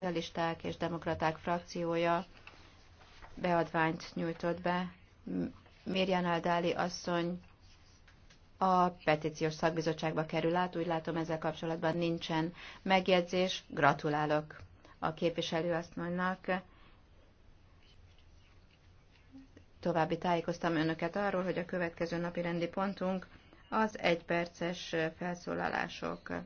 szocialisták és demokraták frakciója beadványt nyújtott be. Mirján Aldáli asszony a petíciós szakbizottságba kerül át, úgy látom ezzel kapcsolatban nincsen megjegyzés. Gratulálok a képviselő asszonynak. További tájékoztam önöket arról, hogy a következő napi rendi pontunk az egyperces felszólalások.